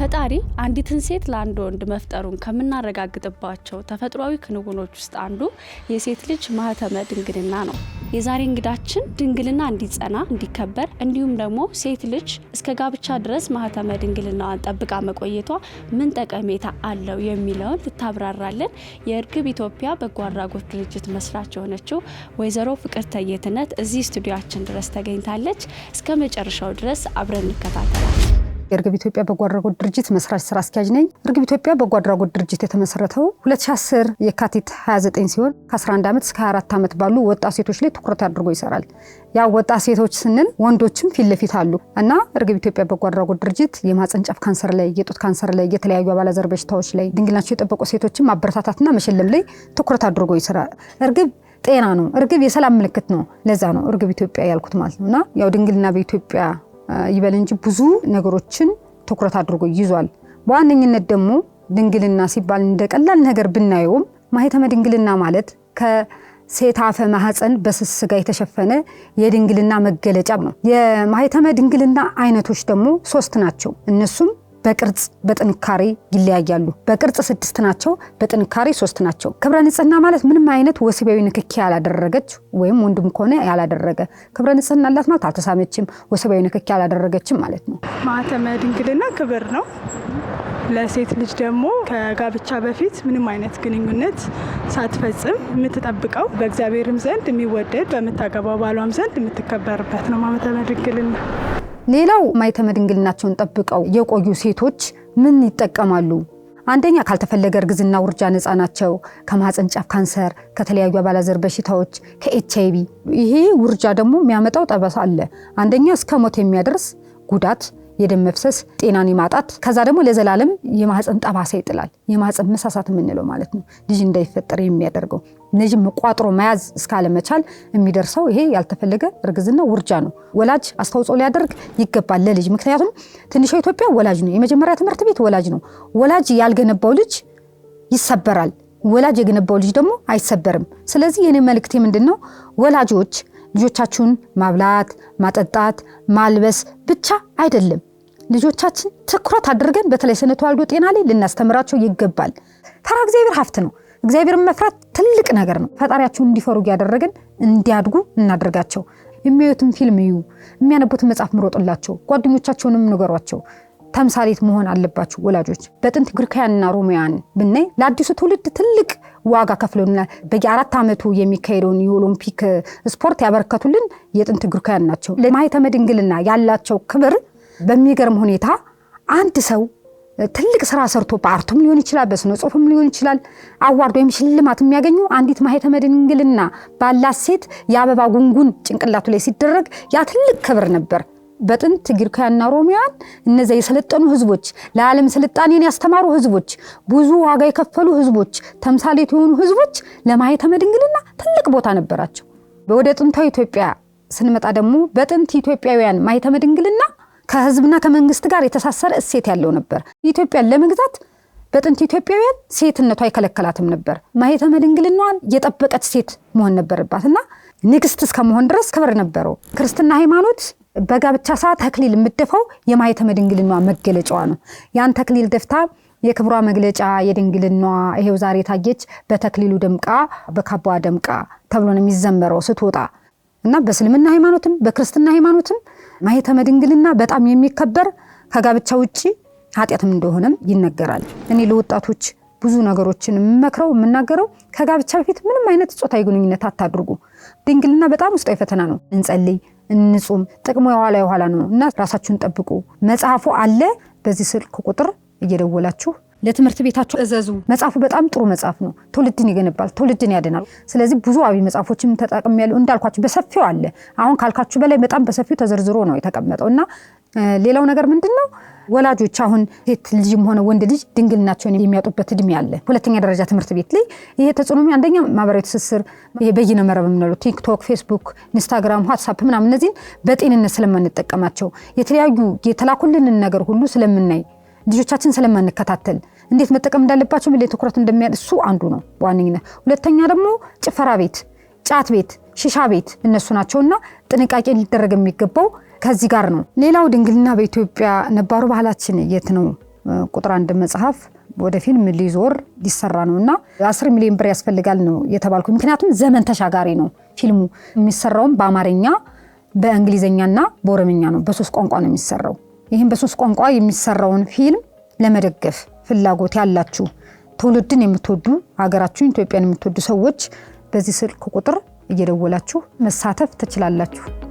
ፈጣሪ አንዲትን ሴት ለአንድ ወንድ መፍጠሩን ከምናረጋግጥባቸው ተፈጥሯዊ ክንውኖች ውስጥ አንዱ የሴት ልጅ ማህተመ ድንግልና ነው። የዛሬ እንግዳችን ድንግልና እንዲጸና እንዲከበር፣ እንዲሁም ደግሞ ሴት ልጅ እስከ ጋብቻ ድረስ ማህተመ ድንግልናዋን ጠብቃ መቆየቷ ምን ጠቀሜታ አለው የሚለውን ልታብራራለን የእርግብ ኢትዮጵያ በጎ አድራጎት ድርጅት መስራች የሆነችው ወይዘሮ ፍቅር ተየትነት እዚህ ስቱዲያችን ድረስ ተገኝታለች። እስከ መጨረሻው ድረስ አብረን እንከታተላለን። የእርግብ ኢትዮጵያ በጎ አድራጎት ድርጅት መስራች ስራ አስኪያጅ ነኝ። እርግብ ኢትዮጵያ በጎ አድራጎት ድርጅት የተመሰረተው 2010 የካቲት 29 ሲሆን ከ11 ዓመት እስከ 24 ዓመት ባሉ ወጣት ሴቶች ላይ ትኩረት አድርጎ ይሰራል። ያው ወጣት ሴቶች ስንል ወንዶችም ፊት ለፊት አሉ እና እርግብ ኢትዮጵያ በጎ አድራጎት ድርጅት የማፀንጫፍ ጫፍ ካንሰር ላይ፣ የጡት ካንሰር ላይ፣ የተለያዩ አባላዘር በሽታዎች ላይ ድንግልናቸው የጠበቁ ሴቶችን ማበረታታትና መሸለም ላይ ትኩረት አድርጎ ይሰራል። እርግብ ጤና ነው። እርግብ የሰላም ምልክት ነው። ለዛ ነው እርግብ ኢትዮጵያ ያልኩት ማለት ነው እና ያው ድንግልና በኢትዮጵያ ይበል እንጂ ብዙ ነገሮችን ትኩረት አድርጎ ይዟል። በዋነኝነት ደግሞ ድንግልና ሲባል እንደ ቀላል ነገር ብናየውም ማህተመ ድንግልና ማለት ከሴት አፈ ማህፀን በስስ ሥጋ የተሸፈነ የድንግልና መገለጫ ነው። የማህተመ ድንግልና አይነቶች ደግሞ ሶስት ናቸው። እነሱም በቅርጽ በጥንካሬ ይለያያሉ። በቅርጽ ስድስት ናቸው፣ በጥንካሬ ሶስት ናቸው። ክብረ ንጽህና ማለት ምንም አይነት ወሲባዊ ንክኪ ያላደረገች ወይም ወንድም ከሆነ ያላደረገ ክብረ ንጽህና አላት ማለት አልተሳመችም፣ ወሲባዊ ንክኪ ያላደረገችም ማለት ነው። ማህተመ ድንግልና ክብር ነው። ለሴት ልጅ ደግሞ ከጋብቻ በፊት ምንም አይነት ግንኙነት ሳትፈጽም የምትጠብቀው በእግዚአብሔርም ዘንድ የሚወደድ በምታገባው ባሏም ዘንድ የምትከበርበት ነው ማህተመ ድንግልና። ሌላው ማኅተመ ድንግልናቸውን ጠብቀው የቆዩ ሴቶች ምን ይጠቀማሉ? አንደኛ ካልተፈለገ እርግዝና ውርጃ ነፃ ናቸው። ከማህፀን ጫፍ ካንሰር፣ ከተለያዩ አባላዘር በሽታዎች፣ ከኤች አይቪ። ይሄ ውርጃ ደግሞ የሚያመጣው ጠበሳ አለ። አንደኛ እስከ ሞት የሚያደርስ ጉዳት የደም መፍሰስ፣ ጤናን የማጣት ከዛ ደግሞ ለዘላለም የማህፀን ጠባሳ ይጥላል። የማህፀን መሳሳት የምንለው ማለት ነው ልጅ እንዳይፈጠር የሚያደርገው እነዚህም መቋጥሮ መያዝ እስካለመቻል የሚደርሰው ይሄ ያልተፈለገ እርግዝና ውርጃ ነው። ወላጅ አስተዋጽኦ ሊያደርግ ይገባል ለልጅ ምክንያቱም ትንሿ ኢትዮጵያ ወላጅ ነው። የመጀመሪያ ትምህርት ቤት ወላጅ ነው። ወላጅ ያልገነባው ልጅ ይሰበራል። ወላጅ የገነባው ልጅ ደግሞ አይሰበርም። ስለዚህ የኔ መልእክቴ ምንድን ነው? ወላጆች ልጆቻችሁን ማብላት፣ ማጠጣት፣ ማልበስ ብቻ አይደለም ልጆቻችን ትኩረት አድርገን በተለይ ስነ ተዋልዶ ጤና ላይ ልናስተምራቸው ይገባል። ፈራ እግዚአብሔር ሀብት ነው። እግዚአብሔርን መፍራት ትልቅ ነገር ነው። ፈጣሪያቸውን እንዲፈሩ እያደረግን እንዲያድጉ እናደርጋቸው። የሚያዩትን ፊልም እዩ፣ የሚያነቡትን መጽሐፍ ምሮጡላቸው፣ ጓደኞቻቸውንም ንገሯቸው። ተምሳሌት መሆን አለባችሁ ወላጆች። በጥንት ግሪካውያንና ሮማውያን ብናይ ለአዲሱ ትውልድ ትልቅ ዋጋ ከፍለውና በየአራት ዓመቱ የሚካሄደውን የኦሎምፒክ ስፖርት ያበረከቱልን የጥንት ግሪካውያን ናቸው። ለማኅተመ ድንግልና ያላቸው ክብር በሚገርም ሁኔታ አንድ ሰው ትልቅ ስራ ሰርቶ በአርቱም ሊሆን ይችላል፣ በስነ ጽሁፍም ሊሆን ይችላል፣ አዋርድ ወይም ሽልማት የሚያገኙ አንዲት ማኅተመ ድንግልና ባላት ሴት የአበባ ጉንጉን ጭንቅላቱ ላይ ሲደረግ ያ ትልቅ ክብር ነበር። በጥንት ግሪካውያንና ሮሚያን እነዚያ የሰለጠኑ ህዝቦች፣ ለዓለም ስልጣኔን ያስተማሩ ህዝቦች፣ ብዙ ዋጋ የከፈሉ ህዝቦች፣ ተምሳሌት የሆኑ ህዝቦች ለማኅተመ ድንግልና ትልቅ ቦታ ነበራቸው። ወደ ጥንታዊ ኢትዮጵያ ስንመጣ ደግሞ በጥንት ኢትዮጵያውያን ማኅተመ ድንግልና ከህዝብና ከመንግስት ጋር የተሳሰረ እሴት ያለው ነበር። ኢትዮጵያን ለመግዛት በጥንት ኢትዮጵያውያን ሴትነቷ አይከለከላትም ነበር። ማየተ ድንግልናዋን የጠበቀች ሴት መሆን ነበረባት እና ንግስት እስከመሆን ድረስ ክብር ነበረው። ክርስትና ሃይማኖት በጋብቻ ሰዓት ተክሊል የምደፈው የማኅተመ ድንግልናዋ መገለጫዋ ነው። ያን ተክሊል ደፍታ የክብሯ መግለጫ የድንግልናዋ ይሄው ዛሬ ታየች፣ በተክሊሉ ደምቃ፣ በካባዋ ደምቃ ተብሎ ነው የሚዘመረው ስትወጣ እና በእስልምና ሃይማኖትም በክርስትና ሃይማኖትም ማኅተመ ድንግልና በጣም የሚከበር ከጋብቻ ውጪ ኃጢአትም እንደሆነም ይነገራል። እኔ ለወጣቶች ብዙ ነገሮችን የምመክረው የምናገረው ከጋብቻ በፊት ምንም አይነት ጾታዊ ግንኙነት አታድርጉ። ድንግልና በጣም ውስጣዊ ፈተና ነው። እንጸልይ፣ እንጹም። ጥቅሙ የኋላ የኋላ ነው እና ራሳችሁን ጠብቁ። መጽሐፉ አለ። በዚህ ስልክ ቁጥር እየደወላችሁ ለትምህርት ቤታቸው እዘዙ። መጽሐፉ በጣም ጥሩ መጽሐፍ ነው። ትውልድን ይገነባል፣ ትውልድን ያድናል። ስለዚህ ብዙ አብይ መጽሐፎችም ተጠቅም ያሉ እንዳልኳችሁ በሰፊው አለ። አሁን ካልካችሁ በላይ በጣም በሰፊው ተዘርዝሮ ነው የተቀመጠው እና ሌላው ነገር ምንድን ነው? ወላጆች አሁን ሴት ልጅም ሆነ ወንድ ልጅ ድንግልናቸውን የሚያጡበት እድሜ አለ። ሁለተኛ ደረጃ ትምህርት ቤት ላይ ይሄ ተጽዕኖ አንደኛ ማህበራዊ ትስስር በይነ መረብ የምንለው ቲክቶክ፣ ፌስቡክ፣ ኢንስታግራም፣ ዋትሳፕ ምናምን እነዚህን በጤንነት ስለማንጠቀማቸው የተለያዩ የተላኩልንን ነገር ሁሉ ስለምናይ ልጆቻችን ስለማንከታተል እንዴት መጠቀም እንዳለባቸው ምን ላይ ትኩረት እንደሚያል እሱ አንዱ ነው በዋነኝነት። ሁለተኛ ደግሞ ጭፈራ ቤት፣ ጫት ቤት፣ ሽሻ ቤት እነሱ ናቸውና ጥንቃቄ ሊደረግ የሚገባው ከዚህ ጋር ነው። ሌላው ድንግልና በኢትዮጵያ ነባሩ ባህላችን የት ነው ቁጥር አንድ መጽሐፍ ወደ ፊልም ሊዞር ሊሰራ ነው እና አስር ሚሊዮን ብር ያስፈልጋል ነው የተባልኩ። ምክንያቱም ዘመን ተሻጋሪ ነው ፊልሙ የሚሰራውም በአማርኛ በእንግሊዝኛና በኦሮምኛ ነው። በሶስት ቋንቋ ነው የሚሰራው። ይህም በሶስት ቋንቋ የሚሰራውን ፊልም ለመደገፍ ፍላጎት ያላችሁ ትውልድን የምትወዱ ሀገራችሁን ኢትዮጵያን የምትወዱ ሰዎች በዚህ ስልክ ቁጥር እየደወላችሁ መሳተፍ ትችላላችሁ።